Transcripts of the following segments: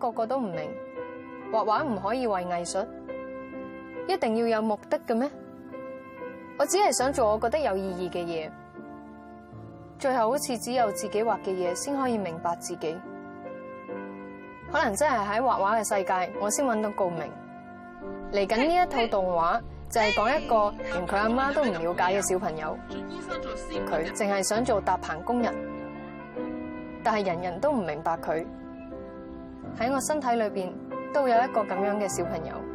個個都唔明，畫畫唔可以為藝術，一定要有目的嘅咩？我只係想做我覺得有意義嘅嘢，最後好似只有自己畫嘅嘢先可以明白自己。可能真係喺畫畫嘅世界，我先揾到共鳴。嚟緊呢一套動畫就係講一個連佢阿媽都唔了解嘅小朋友，佢淨係想做搭棚工人，但係人人都唔明白佢。喺我身體裏面都有一個這樣的小朋友。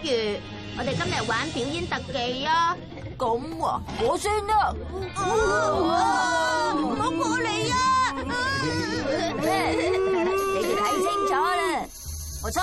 不如我哋今日玩表演特技啊！咁喎，我先啦，唔好過嚟啊！你哋睇清楚啦，我彩。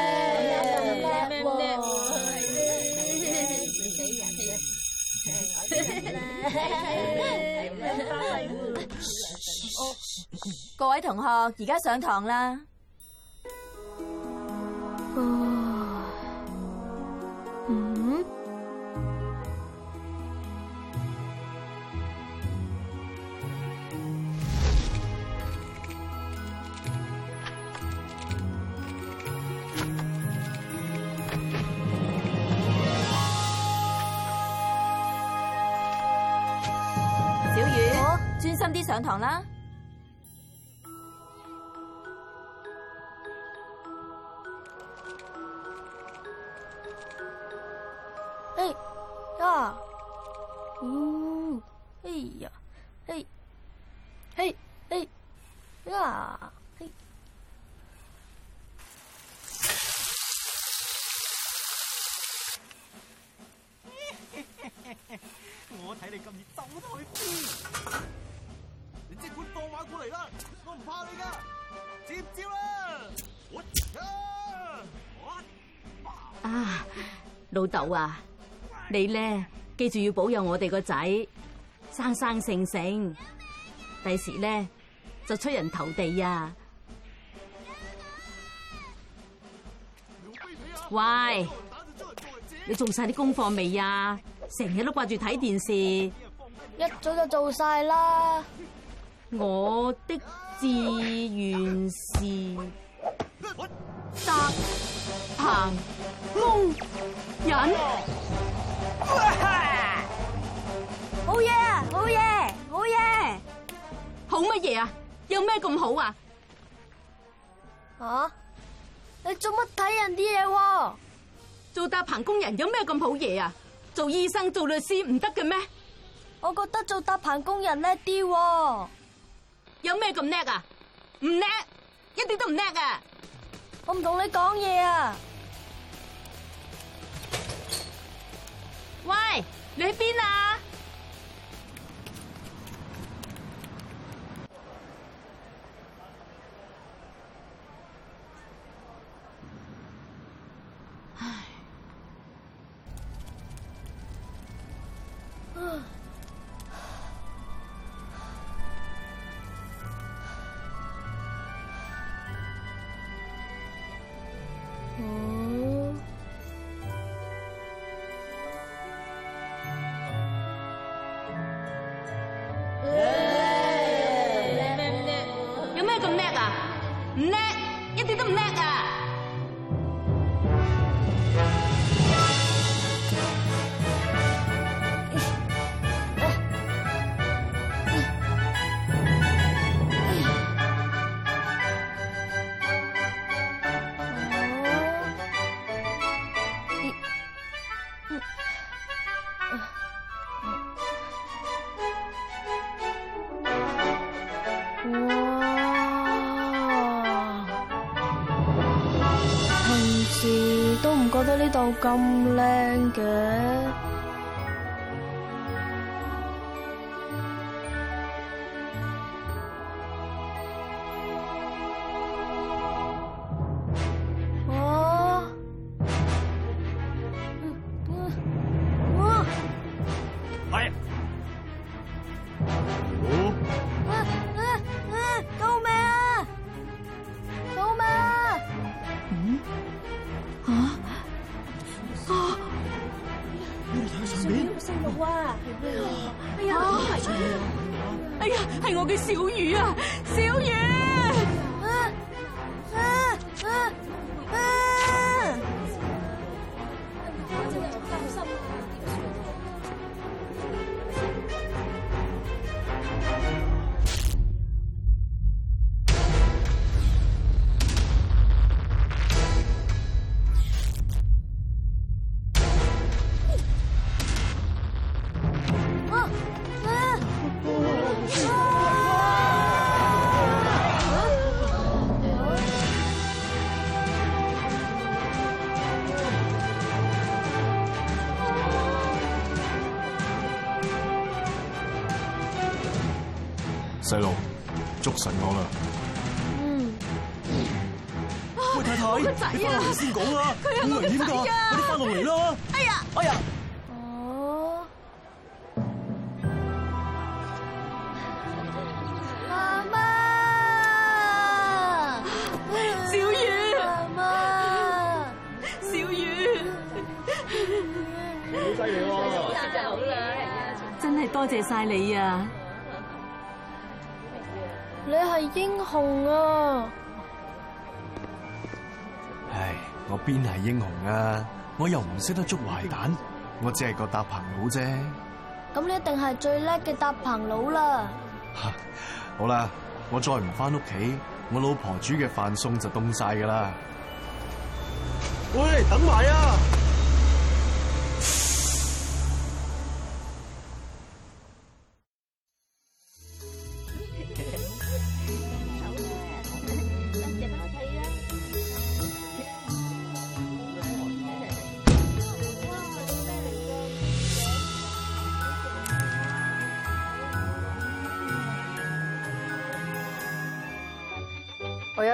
各位同學，而家上堂啦。嗯。小雨，專、啊、心啲上堂啦。你今日鬥得去邊？你即管放馬過嚟啦，我唔怕你噶，接招啦！啊，老豆啊，你咧記住要保佑我哋個仔生生性性，第時咧就出人頭地啊！喂，你做晒啲功課未啊？成日都掛住睇電視，一早就做晒啦！我的志願是搭棚工人。好嘢啊！好嘢！好嘢！好乜嘢啊？有咩咁好啊？啊！你做乜睇人啲嘢？做搭棚工人有咩咁好嘢啊？做醫生、做律師唔得嘅咩？我覺得做搭棚工人叻啲喎。有咩咁叻啊？唔叻，一啲都唔叻啊！我唔同你講嘢啊！喂，你喺邊啊？唉。到咁靚嘅。細路捉實我啦！嗯，喂，太太，個仔返嚟先講啦，佢好危險噶，快啲翻落嚟啦！哎呀，哎呀，哦，媽媽，小雨，媽媽，小雨，你好犀利喎，真係多謝晒你啊！你係英雄啊！唉，我邊係英雄啊？我又唔識得捉壞蛋，我只係個搭棚佬啫。咁你一定係最叻嘅搭棚佬啦！ 好啦，我再唔翻屋企，我老婆煮嘅飯餸就凍晒噶啦。喂，等埋啊！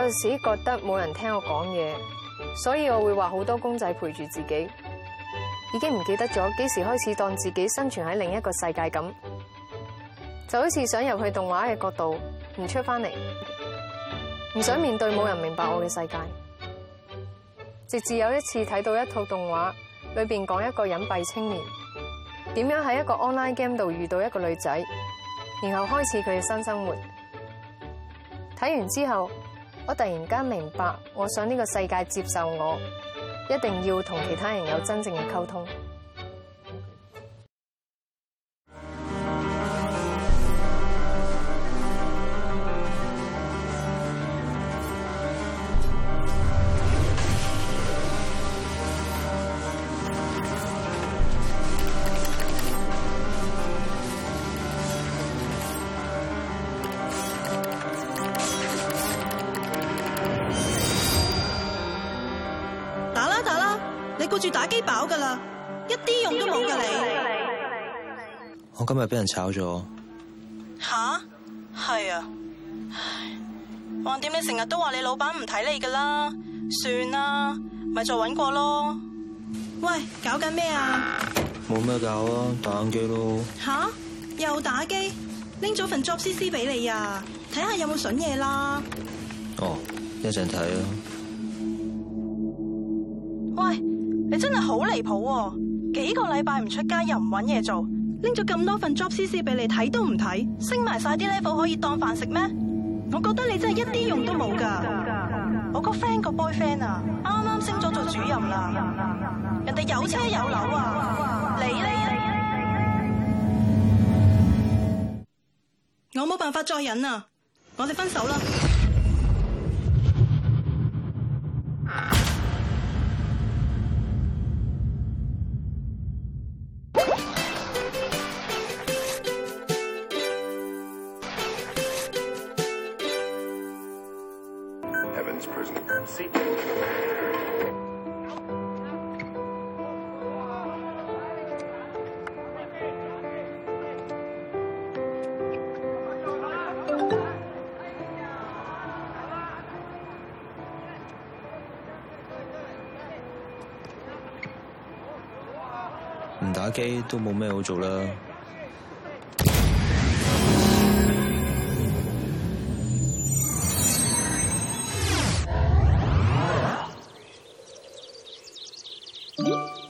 有時覺得冇人聽我講嘢，所以我會畫好多公仔陪住自己，已經唔記得咗幾時開始當自己生存喺另一個世界咁，就好似想入去動畫嘅角度，唔出返嚟，唔想面對冇人明白我嘅世界。直至有一次睇到一套動畫，裏邊講一個隱蔽青年點樣喺一個 online game 度遇到一個女仔，然後開始佢嘅新生活。睇完之後。我突然間明白，我想呢個世界接受我，一定要同其他人有真正嘅溝通。你顧住打機飽噶啦，一啲用都冇噶你。我今日俾人炒咗。吓？係啊。橫掂、啊、你成日都話你老闆唔睇你噶啦，算啦，咪再搵過咯。喂，搞緊咩啊？冇咩搞啊，打機咯。吓、啊？又打機？拎咗份 job C C 俾你啊，睇下有冇筍嘢啦。哦，一陣睇啊。喂。你真係好離譜，幾個禮拜唔出街又唔揾嘢做，拎咗咁多份 job C C 俾你睇都唔睇，升埋晒啲 level 可以當飯食咩？我覺得你真係一啲用都冇㗎。我個 friend 個 boyfriend 啊，啱啱升咗做主任啦，嗯嗯嗯嗯嗯、人哋有車有樓啊，你你你咧你咧，呢我冇辦法再忍啊，我哋分手啦。打機都冇咩好做啦。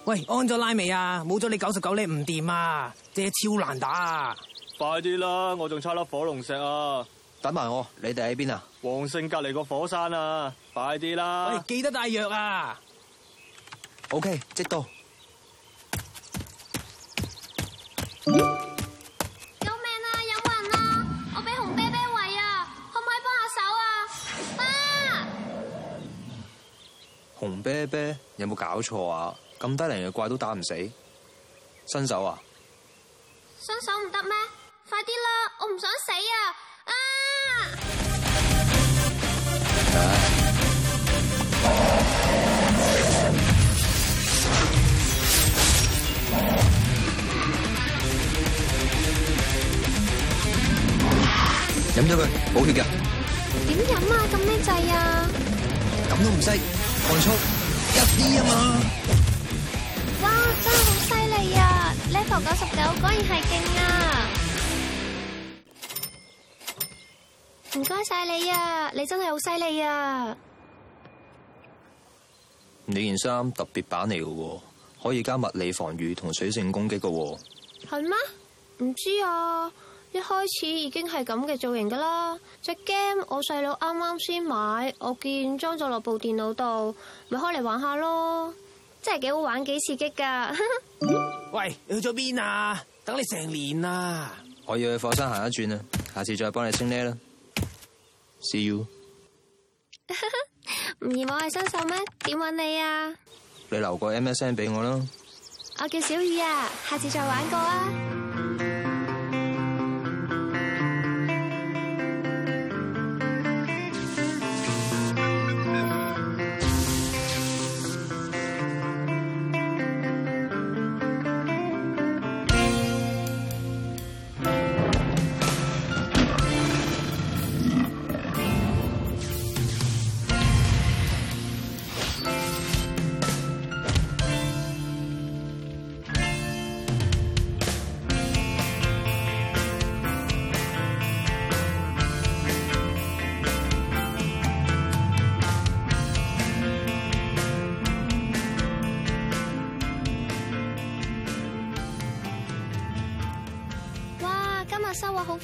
喂，安咗拉未啊？冇咗你九十九你唔掂啊！即係超難打啊！快啲啦，我仲差粒火龍石啊！等埋我，你哋喺邊啊？黃勝隔籬個火山啊！快啲啦！喂，記得帶藥啊！O K，即到。啤啤？有冇搞錯啊？咁低能嘅怪都打唔死，新手啊！新手唔得咩？快啲啦，我唔想死啊！啊！飲咗佢，補血㗎。點飲啊？咁咩掣啊？咁都唔識。快速一啲、oh, 啊嘛！哇，真係好犀利啊！Level 九十九果然係勁啊！唔該晒你啊，你真係好犀利啊！你件衫特別版嚟噶，可以加物理防禦同水性攻擊噶。係咩？唔知啊。一開始已經係咁嘅造型噶啦，隻 game 我細佬啱啱先買，我見裝咗落部電腦度，咪開嚟玩下咯，真係幾好玩，幾刺激噶！ 喂，你去咗邊啊？等你成年啦！我要去火山行一轉啊，下次再幫你升呢啦，see you。唔 嫌我係新手咩？點揾你啊？你留個 MSN 俾我咯。我叫小雨啊，下次再玩過啊。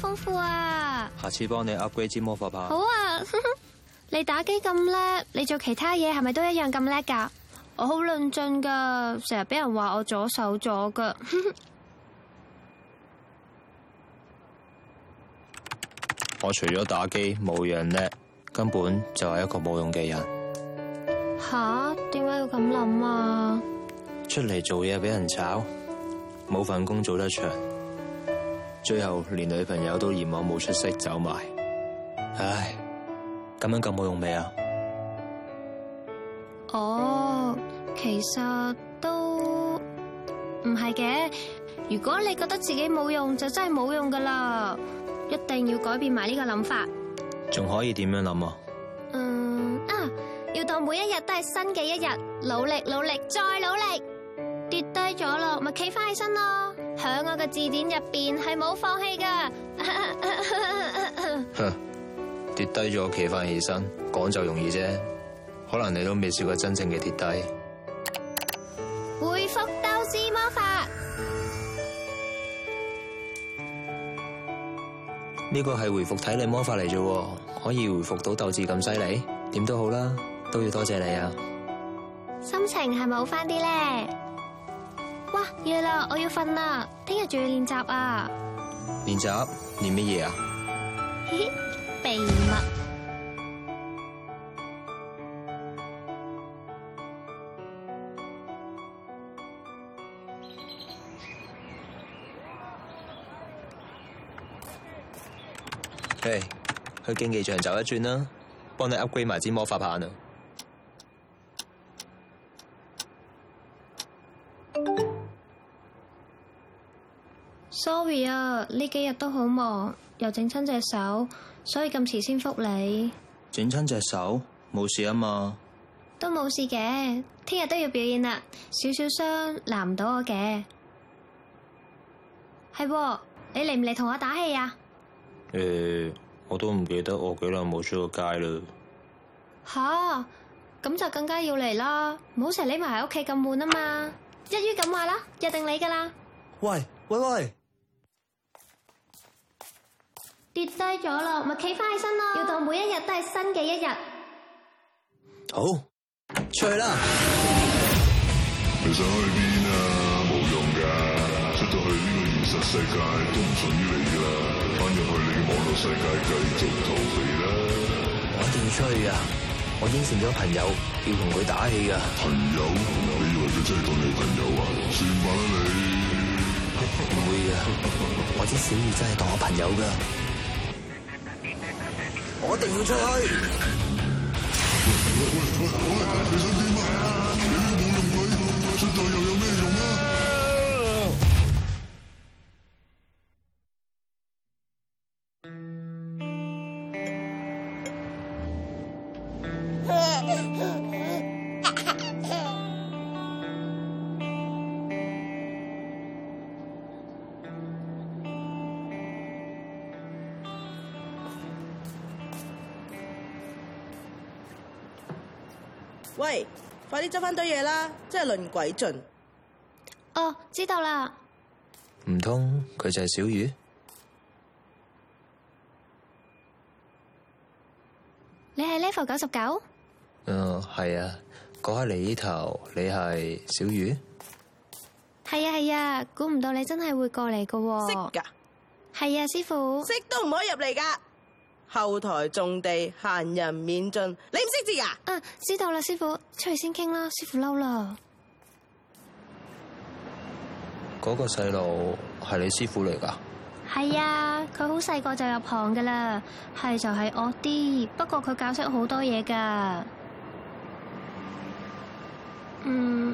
好豐富啊！下次幫你 upgrade 支魔法棒。好啊！ 你打機咁叻，你做其他嘢係咪都一樣咁叻噶？我好論盡噶，成日俾人話我左手左腳。 我除咗打機冇樣叻，根本就係一個冇用嘅人。吓？點解要咁諗啊？啊出嚟做嘢俾人炒，冇份工做得長。最後連女朋友都嫌我冇出息走埋，唉，咁樣咁冇用未啊？哦，其實都唔係嘅。如果你覺得自己冇用，就真係冇用噶啦，一定要改變埋呢個諗法。仲可以點樣諗啊？嗯啊，要到每一日都係新嘅一日，努力努力再努力，跌低咗咯，咪企翻起身咯。喺我嘅字典入邊係冇放棄噶。哼 ，跌低咗企翻起身，講就容易啫。可能你都未試過真正嘅跌低。回復鬥志魔法，呢個係回復體力魔法嚟啫，可以回復到鬥志咁犀利？點都好啦，都要多謝你啊。心情係咪好翻啲咧？哇，夜啦，我要瞓啦，聽日仲要練習啊！練習練乜嘢啊？嘻嘻， 秘密。嚟、hey, 去競技場走一轉啦，幫你 upgrade 埋支魔法棒啊！Sorry 啊，呢幾日都好忙，又整親隻手，所以咁遲先復你。整親隻手？冇事啊嘛，都冇事嘅。聽日都要表演啦，少少傷難唔到我嘅。係、啊、你嚟唔嚟同我打氣啊？誒、欸，我都唔記得我幾耐冇出過街啦。吓、啊，咁就更加要嚟啦！唔好成日匿埋喺屋企咁悶啊嘛。 一於咁話啦，約定你噶啦。喂喂喂！跌低咗咯，咪企翻起身咯，要到每一日都係新嘅一日。好，出去啦！你想去邊啊？冇用噶出到去呢個現實世界都唔屬於你啦，翻入去你嘅網絡世界繼續逃避啦。我一定要出去啊！我應承咗朋友要同佢打氣噶。朋友？你以為佢真係當你朋友啊？算吧你！唔 會噶，我知小雨真係當我朋友噶。我一定要出去。快啲執翻堆嘢啦，真係輪鬼盡。哦，知道啦。唔通佢就係小雨？你係 level 九十九？嗯，係啊。講下你呢頭，你係小雨？係啊係啊，估唔、啊、到你真係會過嚟噶喎。識噶、啊。係啊，師傅。識都唔可以入嚟噶。後台重地，閒人免進，你唔識字啊？嗯、啊，知道啦，師傅，出去先傾啦，師傅嬲啦。嗰個細路係你師傅嚟噶？係啊，佢好細個就入行噶啦，係就係惡啲，不過佢教識好多嘢噶。嗯，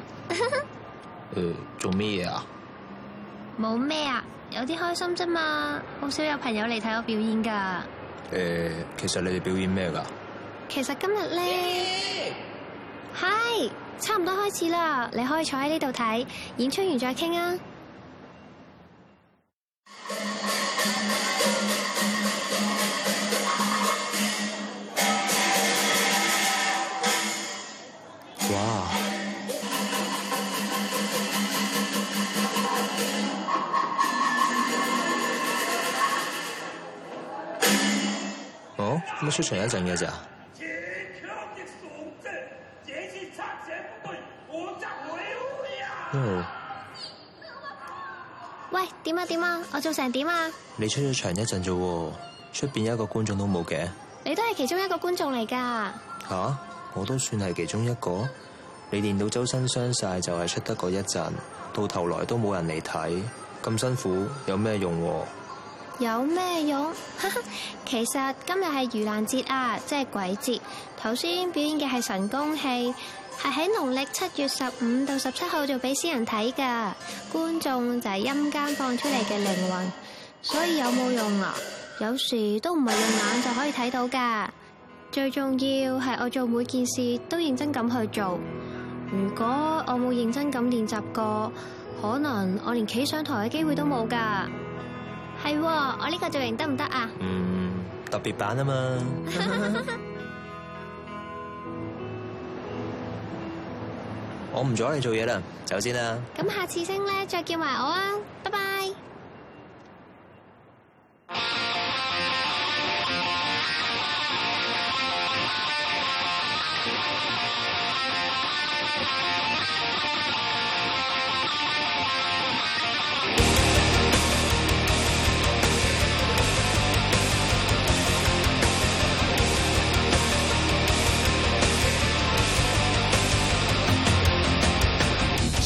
呃，做咩嘢啊？冇咩啊，有啲開心啫嘛，好少有朋友嚟睇我表演噶。誒，其實你哋表演咩㗎？其實今日咧，係 Yeah. 差唔多開始啦，你可以坐喺呢度睇，演出完再傾啊！我出場一陣嘅咋？這條的繩呀！喂，點啊點啊，我做成點啊？你出咗場一陣啫，出邊一個觀眾都冇嘅。你都係其中一個觀眾嚟噶？吓、啊，我都算係其中一個。你練到周身傷晒，就係、是、出得嗰一陣，到頭來都冇人嚟睇，咁辛苦有咩用、啊？有咩用？ 其實今日係盂蘭節啊，即係鬼節。頭先表演嘅係神功戲，係喺農曆七月十五到十七號做俾死人睇噶。觀眾就係陰間放出嚟嘅靈魂，所以有冇用啊？有時都唔係用眼就可以睇到噶。最重要係我做每件事都認真咁去做。如果我冇認真咁練習過，可能我連企上台嘅機會都冇噶。係，我呢個造型得唔得啊？嗯，特別版啊嘛。 我唔阻你做嘢啦，先走先啦。咁下次升呢，再叫埋我啊！拜拜。